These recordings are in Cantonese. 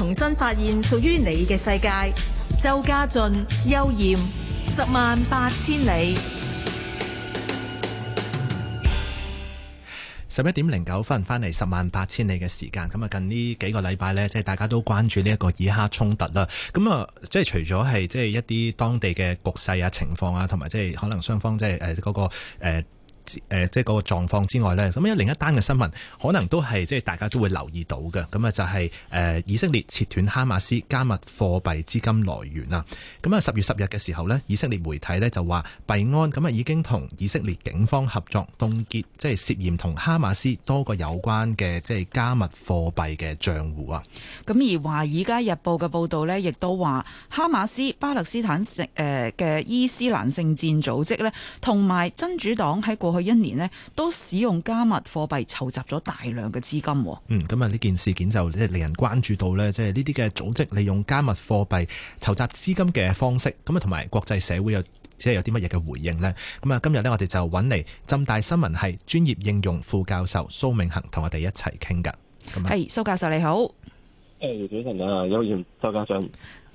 重新發現屬於你嘅世界。周家俊、邱艷，十萬八千里。十一點零九分翻嚟，十萬八千里嘅時間。咁啊，近呢幾個禮拜呢，即係大家都關注呢一個以哈衝突啦。咁啊，即係除咗係即係一啲當地嘅局勢啊、情況啊，同埋即係可能雙方即係誒嗰個誒。誒即係嗰個狀況之外咧，咁啊有另一單嘅新聞可能都係即係大家都會留意到嘅，咁啊就係、是、誒以色列切斷哈馬斯加密貨幣資金來源啊！咁啊十月十日嘅時候咧，以色列媒體咧就話幣安咁啊已經同以色列警方合作凍結即係、就是、涉嫌同哈馬斯多個有關嘅即係加密貨幣嘅賬戶啊！咁而《華爾街日報》嘅報道咧，亦都話哈馬斯巴勒斯坦誒嘅伊斯蘭聖戰組織咧，同埋真主黨喺過去。一年呢都使用加密貨幣籌集咗大量嘅資金。嗯，咁啊呢件事件就即係令人關注到呢，即係呢啲嘅組織利用加密貨幣籌集資金嘅方式，咁啊同埋國際社會又即係有啲乜嘢嘅回應呢？咁啊今日呢，我哋就揾嚟浸大新聞系專業應用副教授蘇銘恒同我哋一齊傾㗎。係蘇、hey, 教授你好。誒早晨啊，邱賢蘇教授。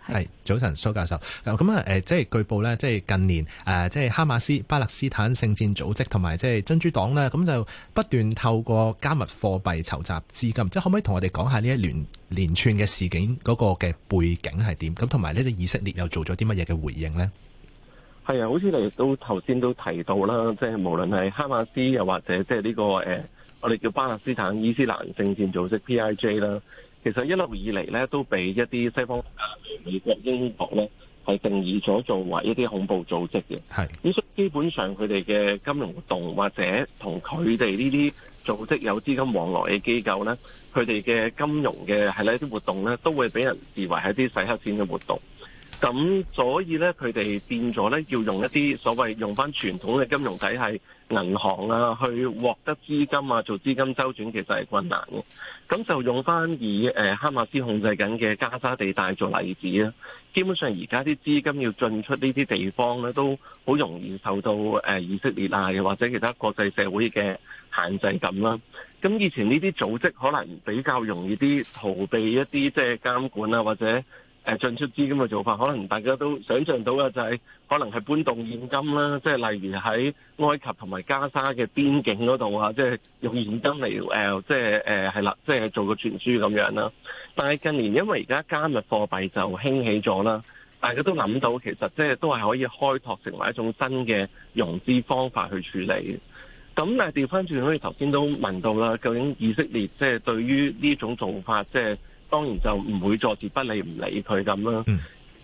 係早晨，蘇教授。咁啊，誒，即係據報咧，即係近年誒，即係哈馬斯、巴勒斯坦聖戰組織同埋即係珍珠黨咧，咁就不斷透過加密貨幣籌集資金。即係可唔可以同我哋講下呢一連連串嘅事件嗰個嘅背景係點？咁同埋呢個以色列又做咗啲乜嘢嘅回應呢？係啊，好似你亦都頭先都提到啦，即係無論係哈馬斯又或者即係呢個誒、呃，我哋叫巴勒斯坦伊斯蘭聖戰組織 （P.I.J.） 啦。其實一路以嚟咧，都被一啲西方國家，美國、英國咧，係定義咗做為一啲恐怖組織嘅。係，所以基本上佢哋嘅金融活動，或者同佢哋呢啲組織有資金往來嘅機構咧，佢哋嘅金融嘅係咧啲活動咧，都會俾人視為係一啲洗黑錢嘅活動。咁所以咧，佢哋變咗咧，要用一啲所謂用翻傳統嘅金融體系、銀行啊，去獲得資金啊，做資金周轉，其實係困難嘅。咁就用翻以誒哈馬斯控制緊嘅加沙地帶做例子啦。基本上而家啲資金要進出呢啲地方咧，都好容易受到誒以色列啊，或者其他國際社會嘅限制咁啦。咁以前呢啲組織可能比較容易啲逃避一啲即係監管啊，或者。誒進出資金嘅做法，可能大家都想象到嘅就係、是、可能係搬動現金啦，即係例如喺埃及同埋加沙嘅邊境嗰度啊，即係用現金嚟，即係係啦，即係、呃、做個轉輸咁樣啦。但係近年因為而家加密貨幣就興起咗啦，大家都諗到其實即係都係可以開拓成為一種新嘅融資方法去處理。咁但係調翻轉，好似頭先都問到啦，究竟以色列即係對於呢種做法即係？當然就唔會坐視不理唔理佢咁啦。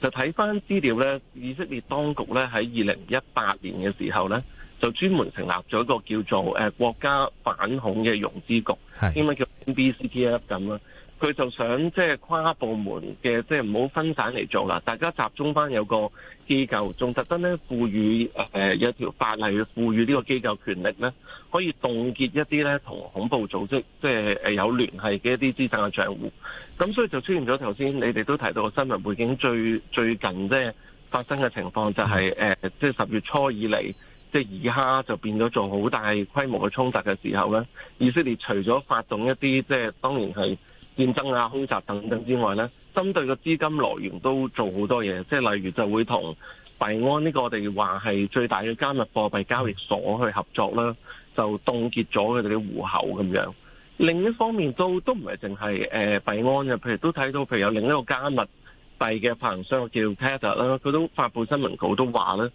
就睇翻資料咧，以色列當局咧，喺二零一八年嘅時候咧，就專門成立咗一個叫做誒國家反恐嘅融資局，英文叫 NBCTF 咁啦。佢就想即係跨部門嘅，即係唔好分散嚟做啦。大家集中翻有個機構，仲特登咧賦予誒一條法例，賦予呢個機構權力咧，可以凍結一啲咧同恐怖組織即係誒有聯繫嘅一啲資產嘅賬戶。咁所以就出現咗頭先你哋都提到嘅新聞背景，最最近即係發生嘅情況就係誒即係十月初以嚟，即係而家就變咗做好大規模嘅衝突嘅時候咧，以色列除咗發動一啲即係當然係。戰爭啊、空襲等等之外呢，針對個資金來源都做好多嘢，即係例如就會同幣安呢個我哋話係最大嘅加密貨幣交易所去合作啦，就凍結咗佢哋啲戶口咁樣。另一方面都都唔係淨係誒幣安嘅，譬如都睇到譬如有另一個加密幣嘅發行商叫 Tether 啦，佢都發布新聞稿都話咧。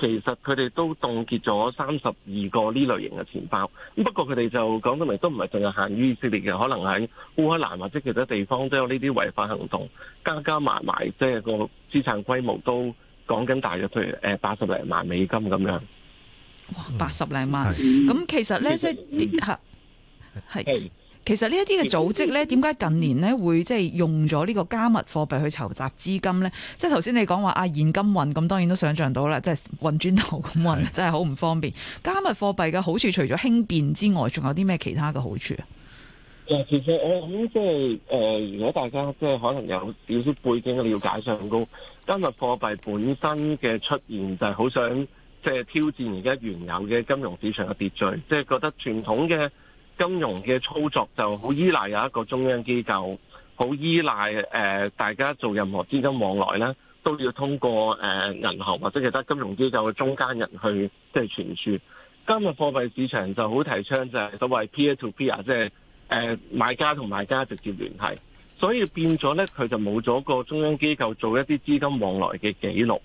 其實佢哋都凍結咗三十二個呢類型嘅錢包，咁不過佢哋就講得嚟都唔係淨係限於以色列嘅，可能喺烏克蘭或者其他地方都有呢啲違法行動。加加埋埋即係個資產規模都講緊大約，譬如誒八十零萬美金咁樣。哇！八十零萬，咁其實咧即係嚇係。是其實呢一啲嘅組織呢，點解近年呢會即係用咗呢個加密貨幣去籌集資金呢？即係頭先你講話啊現金運，咁當然都想象到啦，即係運轉頭咁運，真係好唔方便。加密貨幣嘅好處，除咗輕便之外，仲有啲咩其他嘅好處啊？其實我諗即係如果大家即係可能有少少背景嘅了解上高，加密貨幣本身嘅出現就係好想即係挑戰而家原有嘅金融市場嘅秩序，即係覺得傳統嘅。金融嘅操作就好依賴有一個中央機構，好依賴誒、呃、大家做任何資金往來咧，都要通過誒銀、呃、行或者其他金融機構嘅中間人去即係傳輸，今日貨幣市場就好提倡就係所謂 peer to peer，即係誒買家同賣家直接聯繫，所以變咗咧佢就冇咗個中央機構做一啲資金往來嘅記錄，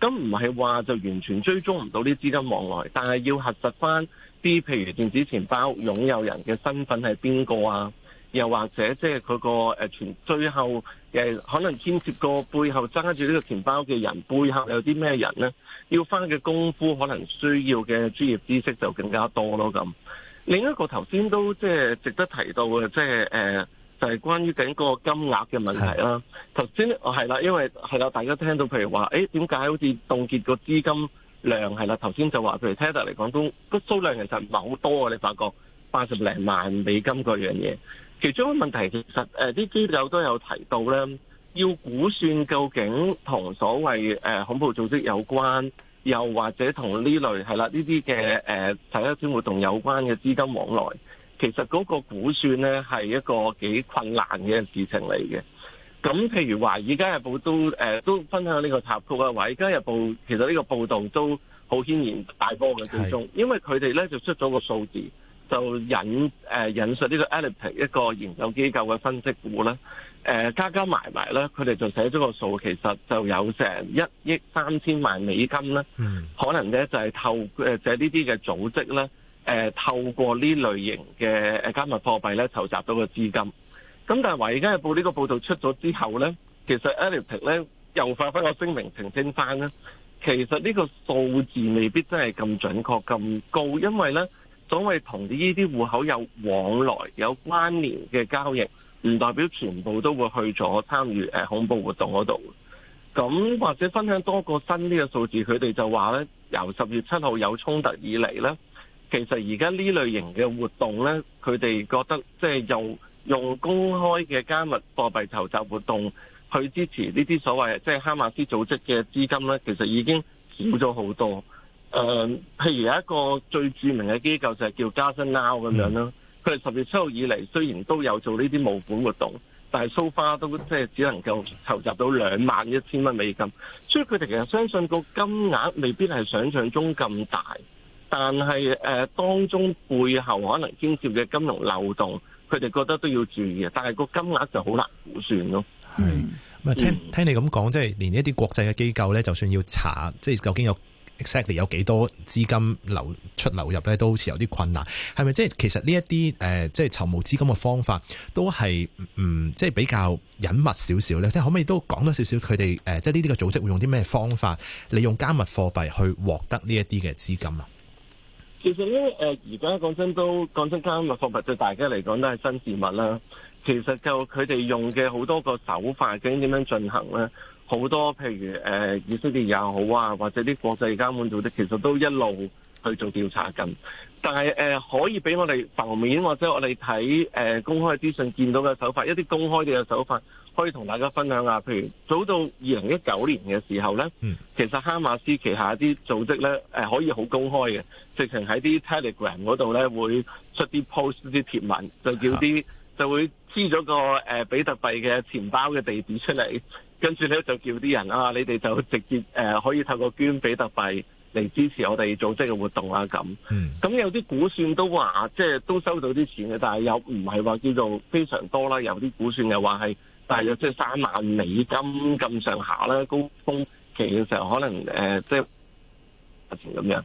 咁唔係話就完全追蹤唔到啲資金往來，但係要核實翻。啲譬如電子錢包擁有人嘅身份係邊個啊？又或者即係佢個全最後可能牽涉個背後揸住呢個錢包嘅人，背後有啲咩人咧？要翻嘅功夫可能需要嘅專業知識就更加多咯咁。另一個頭先都即係值得提到嘅，即係誒就係、是呃就是、關於整個金額嘅問題啦。頭先哦係啦，因為係啦，大家聽到譬如話誒點解好似凍結個資金？量係啦，頭先就話譬如 Tether 嚟講，都個數量其實唔係好多啊！你發覺八十零萬美金嗰樣嘢，其中個問題其實啲、呃、資料都有提到咧，要估算究竟同所謂、呃、恐怖組織有關，又或者同呢類係啦呢啲嘅誒第一天活動有關嘅資金往來，其實嗰個估算咧係一個幾困難嘅事情嚟嘅。咁譬如華爾街日報都誒都分享呢個插曲啊，華爾街日報，、呃、街日報其實呢個報導都好軒然大波嘅之中，因為佢哋咧就出咗個數字，就引誒、呃、引述呢個 Elliptic 一個研究機構嘅分析股咧，誒、呃、加加埋埋咧，佢哋就寫咗個數，其實就有成一億三千萬美金啦、嗯，可能咧就係、是、透誒呢啲嘅組織咧、呃，透過呢類型嘅加密貨幣咧籌集到個資金。咁但係《華爾街日報》呢個報道出咗之後呢，其實 Elliptic 咧又發返個聲明澄清翻啦。其實呢個數字未必真係咁準確咁高，因為呢所謂同呢啲戶口有往來、有關聯嘅交易，唔代表全部都會去咗參與、呃、恐怖活動嗰度。咁、呃、或者分享多個新呢個數字，佢哋就話呢由十月七號有衝突以嚟呢，其實而家呢類型嘅活動呢，佢哋覺得即係又。用公開嘅加密貨幣籌集活動去支持呢啲所謂即係、就是、哈馬斯組織嘅資金咧，其實已經少咗好多。誒、呃，譬如有一個最著名嘅機構就係叫 Gaza Now 咁樣啦。佢哋十月七號以嚟雖然都有做呢啲募款活動，但係 so far 都即係只能夠籌集到兩萬一千蚊美金，所以佢哋其實相信個金額未必係想像中咁大，但係誒、呃、當中背後可能牽涉嘅金融漏洞。佢哋覺得都要注意嘅，但係個金額就好難估算咯。係，聽聽你咁講，即係連一啲國際嘅機構咧，就算要查，即係究竟有 exactly 有幾多資金流出流入咧，都好似有啲困難。係咪即係其實呢一啲誒，即係籌募資金嘅方法都係唔、呃、即係比較隱密少少咧？即係可唔可以都講多少少佢哋誒，即係呢啲嘅組織會用啲咩方法，利用加密貨幣去獲得呢一啲嘅資金？其實咧，誒，而家講真都講真，加密貨幣對大家嚟講都係新事物啦。其實就佢哋用嘅好多個手法，究竟點樣進行咧？好多譬如誒，以色列也好啊，或者啲國際監管組織，其實都一路去做調查緊。但係誒、呃、可以俾我哋浮面或者我哋睇誒公開資訊見到嘅手法，一啲公開嘅手法可以同大家分享下。譬如早到二零一九年嘅時候呢、嗯，其實哈馬斯旗下啲組織呢，呃、可以好公開嘅，直情喺啲 Telegram 嗰度呢，會出啲 post 啲貼文，就叫啲就會黐咗個誒、呃、比特幣嘅錢包嘅地址出嚟，跟住呢，就叫啲人啊，你哋就直接誒、呃、可以透過捐比特幣。嚟支持我哋組織嘅活動啦，咁咁有啲估算都話，即係都收到啲錢嘅，但係又唔係話叫做非常多啦。有啲估算又話係大約即係三萬美金咁上下啦，高峰期嘅時候可能誒、呃、即係咁樣。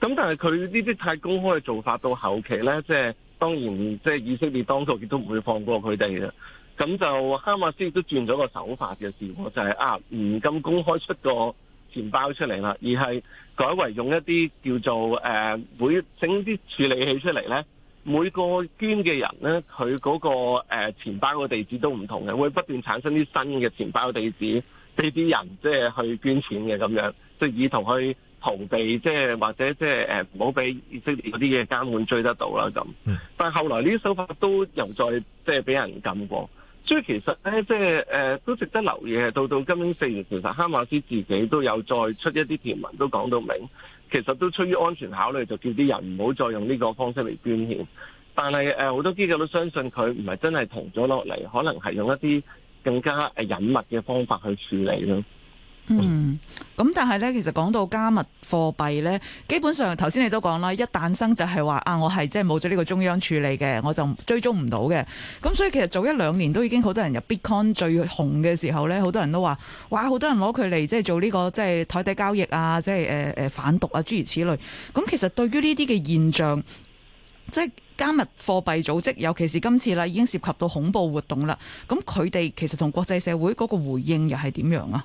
咁但係佢呢啲太公開嘅做法，到後期咧，即係當然即係以色列當局亦都唔會放過佢哋嘅。咁就哈馬斯亦都轉咗個手法嘅，事就係、是、啊唔咁公開出個錢包出嚟啦，而係改為用一啲叫做誒、呃，會整啲處理器出嚟咧。每個捐嘅人咧，佢嗰、那個誒、呃、錢包嘅地址都唔同嘅，會不斷產生啲新嘅錢包地址俾啲人即係去捐錢嘅咁樣，即係以圖去逃避即係或者即係唔好俾以色列嗰啲嘅監管追得到啦咁。但係後來呢啲手法都又再即係俾人撳過。所以其實咧，即係誒、呃、都值得留意，到到今年四月，其實哈馬斯自己都有再出一啲條文，都講到明，其實都出於安全考慮，就叫啲人唔好再用呢個方式嚟捐獻。但係誒，好、呃、多機構都相信佢唔係真係停咗落嚟，可能係用一啲更加誒隱密嘅方法去處理咯。嗯，咁但係呢，其實講到加密貨幣呢，基本上頭先你都講啦，一誕生就係話啊，我係即係冇咗呢個中央處理嘅，我就追蹤唔到嘅。咁所以其實早一兩年都已經好多人入 Bitcoin 最紅嘅時候呢，好多人都話哇，好多人攞佢嚟即係做呢個即係台底交易啊，即係誒誒反毒啊，諸如此類。咁其實對於呢啲嘅現象，即係加密貨幣組織，尤其是今次啦，已經涉及到恐怖活動啦。咁佢哋其實同國際社會嗰個回應又係點樣啊？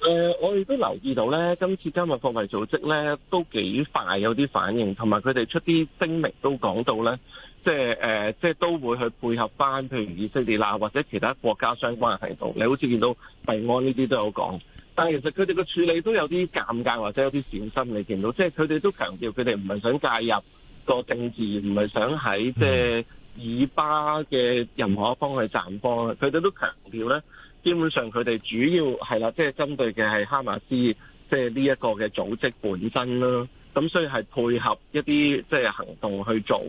誒、呃，我亦都留意到咧，今次加密貨幣組織咧都幾快有啲反應，同埋佢哋出啲聲明都講到咧，即係誒、呃，即係都會去配合翻，譬如以色列啦或者其他國家相關嘅系統。你好似見到幣安呢啲都有講，但係其實佢哋嘅處理都有啲尷尬，或者有啲小心。你見到，即係佢哋都強調佢哋唔係想介入個政治，唔係想喺即係以巴嘅任何一方去站方。佢哋都強調咧。基本上佢哋主要係啦，即係針對嘅係哈馬斯，即係呢一個嘅組織本身啦。咁所以係配合一啲即係行動去做。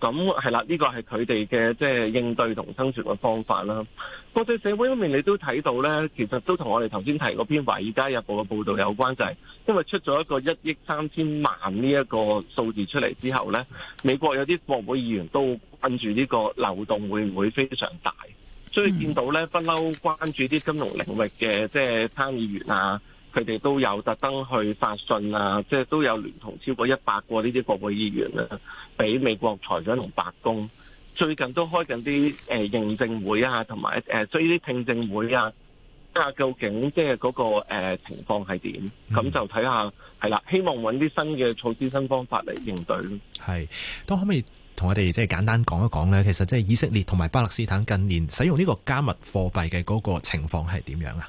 咁係啦，呢個係佢哋嘅即係應對同生存嘅方法啦。國際社會方面，你都睇到咧，其實都同我哋頭先提嗰篇華爾街日報嘅報道有關，就係因為出咗一個一億三千萬呢一個數字出嚟之後咧，美國有啲國會議員都關注呢個漏洞會唔會非常大。嗯、所以見到咧，不嬲關注啲金融領域嘅，即係參議員啊，佢哋都有特登去發信啊，即係都有聯同超過一百個呢啲國會議員啊，俾美國財長同白宮最近都開緊啲誒認證會啊，同埋、呃、所以啲聽證會啊，睇下究竟即係嗰個情況係點，咁、嗯、就睇下係啦，希望搵啲新嘅措施、新方法嚟應對咯。係，都可唔可以？我哋即係簡單講一講咧，其實即係以色列同埋巴勒斯坦近年使用呢個加密貨幣嘅嗰個情況係點樣啊？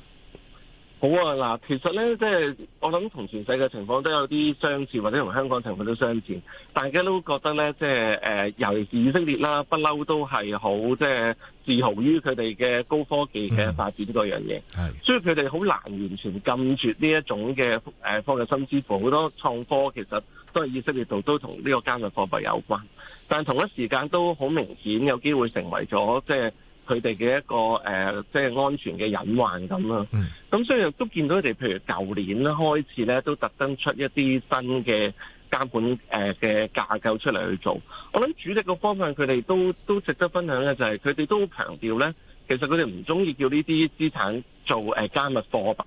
好啊，嗱，其實咧，即係我諗同全世界情況都有啲相似，或者同香港情況都相似。大家都覺得咧，即係誒、呃，尤其是以色列啦，不嬲都係好即係自豪於佢哋嘅高科技嘅發展嗰、嗯、樣嘢。係，所以佢哋好難完全禁絕呢一種嘅誒科技甚至乎，好多創科其實都係以色列度都同呢個加密貨幣有關。但同一時間都好明顯有機會成為咗即係。佢哋嘅一個誒、呃，即係安全嘅隱患咁咯。咁、嗯、所以又都見到佢哋，譬如舊年咧開始咧，都特登出一啲新嘅監管誒嘅架構出嚟去做。我諗主力嘅方向，佢哋都都值得分享嘅就係佢哋都強調咧，其實佢哋唔中意叫呢啲資產做誒加密貨幣。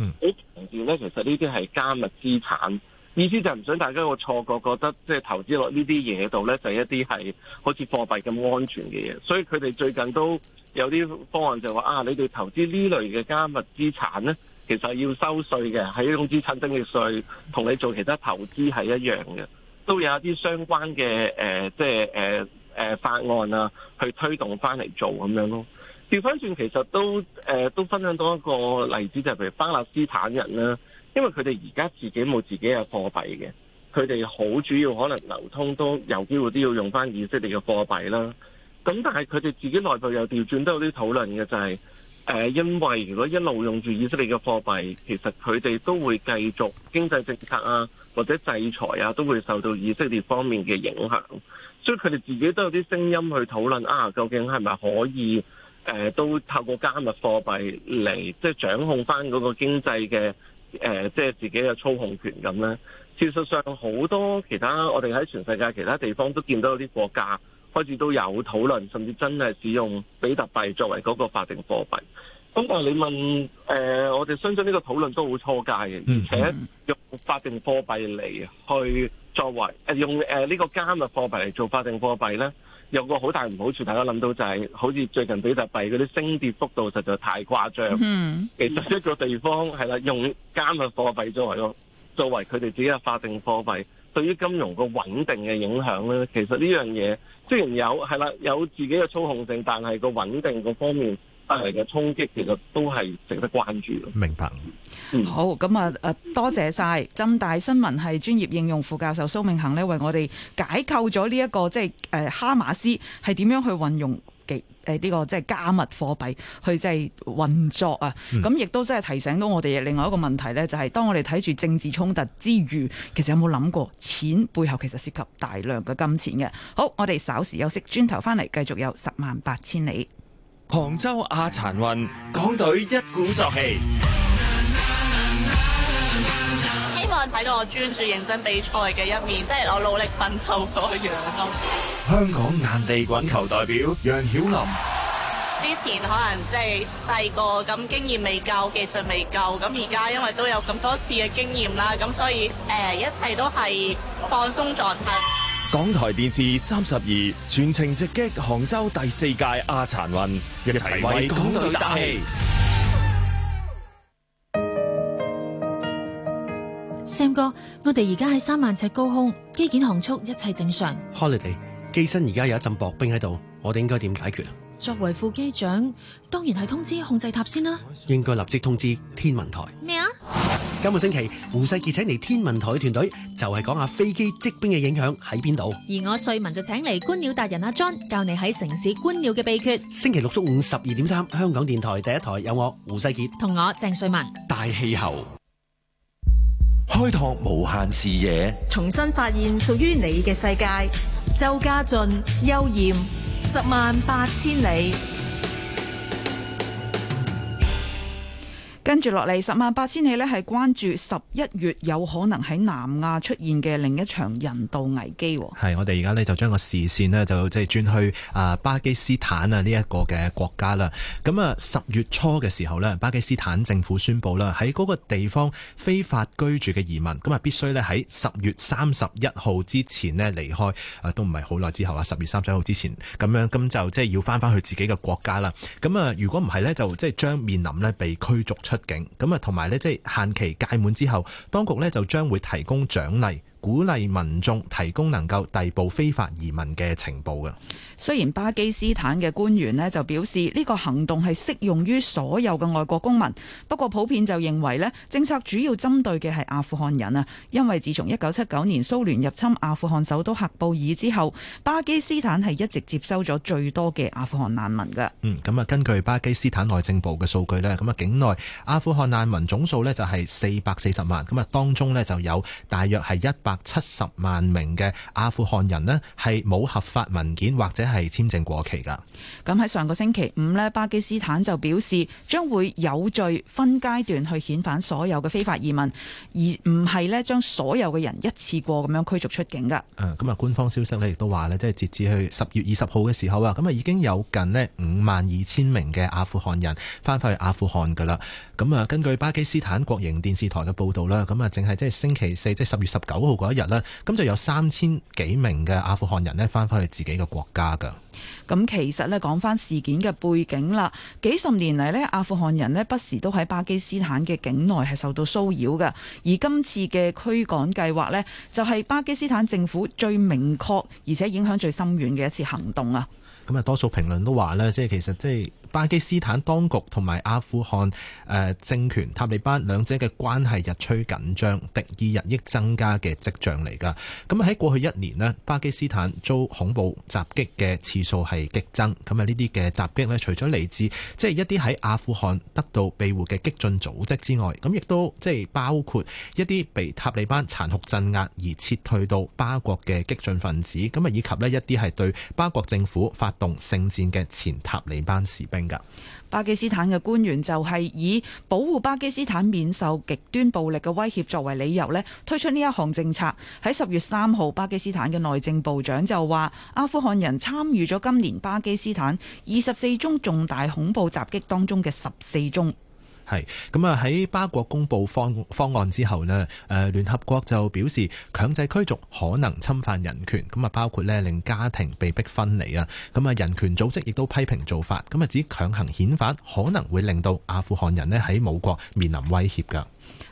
好、嗯、強調咧，其實呢啲係加密資產。意思就唔想大家會錯覺覺得即係投資落呢啲嘢度呢，就一啲係好似貨幣咁安全嘅嘢，所以佢哋最近都有啲方案就話啊，你哋投資呢類嘅加密資產呢，其實要收稅嘅，係一種資產增值稅，同你做其他投資係一樣嘅，都有一啲相關嘅誒，即係誒誒法案呀、啊，去推動翻嚟做咁樣咯。調翻轉其實都誒、呃、都分享到一個例子，就係、是、譬如巴勒斯坦人啦。因為佢哋而家自己冇自己嘅貨幣嘅，佢哋好主要可能流通都有機會都要用翻以色列嘅貨幣啦。咁但係佢哋自己內部又調轉都有啲討論嘅，就是，就係誒，因為如果一路用住以色列嘅貨幣，其實佢哋都會繼續經濟政策啊，或者制裁啊，都會受到以色列方面嘅影響。所以佢哋自己都有啲聲音去討論啊，究竟係咪可以誒，呃，都透過加密貨幣嚟即係掌控翻嗰個經濟嘅？誒、呃，即係自己嘅操控權咁呢。事實上，好多其他我哋喺全世界其他地方都見到有啲國家開始都有討論，甚至真係使用比特幣作為嗰個法定貨幣。咁但係你問誒、呃，我哋相信呢個討論都好初階嘅，而且用法定貨幣嚟去作為、呃、用呢個加密貨幣嚟做法定貨幣咧。有個好大唔好處，大家諗到就係、是、好似最近比特幣嗰啲升跌幅度實在太誇張、嗯。其實一個地方係啦，用加密貨幣作為作為佢哋自己嘅法定貨幣，對於金融個穩定嘅影響咧，其實呢樣嘢雖然有係啦，有自己嘅操控性，但係個穩定個方面。帶嚟嘅衝擊其實都係值得關注。明白。嗯、好，咁啊，多謝晒。浸大新聞系專業應用副教授蘇銘恒，呢為我哋解構咗呢一個即係、啊、哈馬斯係點樣去運用嘅誒呢個即係加密貨幣去即係運作啊。咁、嗯、亦都真係提醒到我哋另外一個問題呢，就係、是、當我哋睇住政治衝突之餘，其實有冇諗過錢背後其實涉及大量嘅金錢嘅。好，我哋稍時休息，轉頭翻嚟繼續有十萬八千里。杭州亞殘運，港隊一鼓作氣。希望睇到我專注認真比賽嘅一面，即係我努力奮鬥嗰個樣。香港硬地滾球代表楊曉琳，之前可能即係細個咁經驗未夠，技術未夠，咁而家因為都有咁多次嘅經驗啦，咁所以誒，一切都係放鬆狀態。港台電視三十二全程直擊杭州第四屆亞殘運，一齊為港隊打氣。Sam 哥，我哋而家喺三萬尺高空，機件航速一切正常。Holiday，機身而家有一陣薄冰喺度，我哋應該點解決？作為副機長，當然係通知控制塔先啦。應該立即通知天文台。今個星期，胡世傑請嚟天文台團隊，就係講下飛機積冰嘅影響喺邊度。而我瑞文就請嚟觀鳥達人阿 john，教你喺城市觀鳥嘅秘訣。星期六中午十二點三，3，香港電台第一台有我胡世傑同我鄭瑞文。大氣候，開拓無限視野，重新發現屬於你嘅世界。周家俊，幽豔，十萬八千里。跟住落嚟，十萬八千里咧，係關注十一月有可能喺南亞出現嘅另一場人道危機。係我哋而家咧就將個視線咧就即係轉去啊巴基斯坦啊呢一個嘅國家啦。咁啊，十月初嘅時候咧，巴基斯坦政府宣布啦，喺嗰個地方非法居住嘅移民，咁啊必須咧喺十月三十一號之前咧離開啊，都唔係好耐之後啊，十月三十一號之前咁樣，咁就即係要翻翻去自己嘅國家啦。咁啊，如果唔係咧，就即係將面臨咧被驅逐出。警，咁啊，同埋咧，即係限期屆滿之後，當局咧就將會提供獎勵。鼓勵民眾提供能夠逮捕非法移民嘅情報嘅。雖然巴基斯坦嘅官員咧就表示呢個行動係適用於所有嘅外國公民，不過普遍就認為咧政策主要針對嘅係阿富汗人啊，因為自從一九七九年蘇聯入侵阿富汗首都喀布爾之後，巴基斯坦係一直接收咗最多嘅阿富汗難民噶。嗯，咁啊，根據巴基斯坦內政部嘅數據咧，咁啊境內阿富汗難民總數咧就係四百四十萬，咁啊當中咧就有大約係一百。七十萬名嘅阿富汗人呢，係冇合法文件或者係簽證過期噶。咁喺上個星期五呢，巴基斯坦就表示將會有罪分階段去遣返所有嘅非法移民，而唔係呢將所有嘅人一次過咁樣驅逐出境噶。咁、嗯、啊、嗯，官方消息呢亦都話呢，即係截至去十月二十號嘅時候啊，咁啊已經有近呢五萬二千名嘅阿富汗人翻返去阿富汗噶啦。咁、嗯、啊，根據巴基斯坦國營電視台嘅報導啦，咁啊淨係即係星期四，即係十月十九號。嗰一日呢，咁就有三千幾名嘅阿富汗人呢，翻返去自己嘅國家噶。咁其實呢，講返事件嘅背景啦，幾十年嚟呢，阿富汗人呢，不時都喺巴基斯坦嘅境內係受到騷擾㗎，而今次嘅驅趕計劃呢，就係巴基斯坦政府最明確而且影響最深遠嘅一次行動啊！咁啊，多數評論都話呢，即係其實即係巴基斯坦當局同埋阿富汗誒政權塔利班兩者嘅關係日趨緊張，敵意日益增加嘅跡象嚟㗎。咁喺過去一年呢，巴基斯坦遭恐怖襲擊嘅次數就係激增，咁啊呢啲嘅襲擊呢除咗嚟自即係一啲喺阿富汗得到庇護嘅激進組織之外，咁亦都即係包括一啲被塔利班殘酷鎮壓而撤退到巴國嘅激進分子，咁啊以及呢一啲係對巴國政府發動聖戰嘅前塔利班士兵㗎。巴基斯坦嘅官員就係以保護巴基斯坦免受極端暴力嘅威脅作為理由咧，推出呢一項政策。喺十月三號，巴基斯坦嘅內政部長就話，阿富汗人參與咗今年巴基斯坦二十四宗重大恐怖襲擊當中嘅十四宗。係咁啊！喺巴國公布方方案之後呢，誒，聯合國就表示強制驅逐可能侵犯人權，咁啊包括呢令家庭被逼分離啊，咁啊人權組織亦都批評做法，咁啊指強行遣返可能會令到阿富汗人呢喺母國面臨威脅㗎。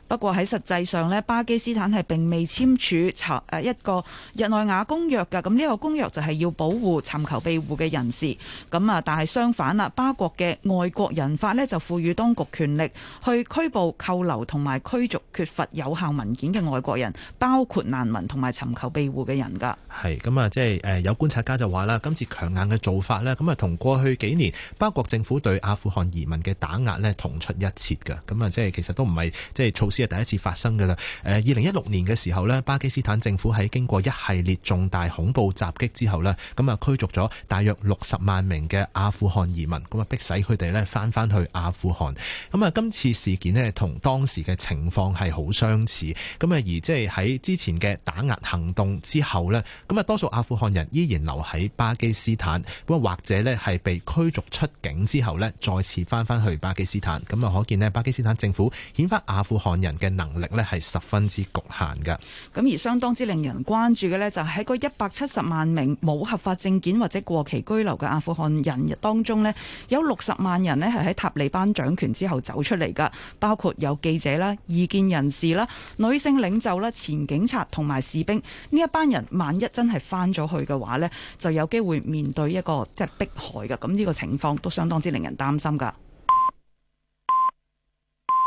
不過喺實際上咧，巴基斯坦係並未簽署查誒一個日內瓦公約㗎。咁、這、呢個公約就係要保護尋求庇護嘅人士。咁啊，但係相反啦，巴國嘅外國人法呢，就賦予當局權力去拘捕、扣留同埋驅逐缺乏有效文件嘅外國人，包括難民同埋尋求庇護嘅人㗎。係咁啊，即係誒有觀察家就話啦，今次強硬嘅做法呢，咁啊同過去幾年巴國政府對阿富汗移民嘅打壓呢，同出一轍㗎。咁啊，即係其實都唔係即係措。即係第一次發生嘅啦。誒，二零一六年嘅時候咧，巴基斯坦政府喺經過一系列重大恐怖襲擊之後咧，咁啊驅逐咗大約六十萬名嘅阿富汗移民，咁啊迫使佢哋咧翻翻去阿富汗。咁啊，今次事件呢同當時嘅情況係好相似。咁啊，而即係喺之前嘅打壓行動之後呢，咁啊多數阿富汗人依然留喺巴基斯坦，咁啊或者呢係被驅逐出境之後呢再次翻翻去巴基斯坦。咁啊，可見呢巴基斯坦政府遣返阿富汗人人嘅能力呢，係十分之局限噶。咁而相當之令人關注嘅呢，就喺嗰一百七十萬名冇合法證件或者過期居留嘅阿富汗人當中呢，有六十萬人呢，係喺塔利班掌權之後走出嚟噶。包括有記者啦、異見人士啦、女性領袖啦、前警察同埋士兵。呢一班人萬一真係翻咗去嘅話呢，就有機會面對一個即係迫害嘅。咁呢個情況都相當之令人擔心噶。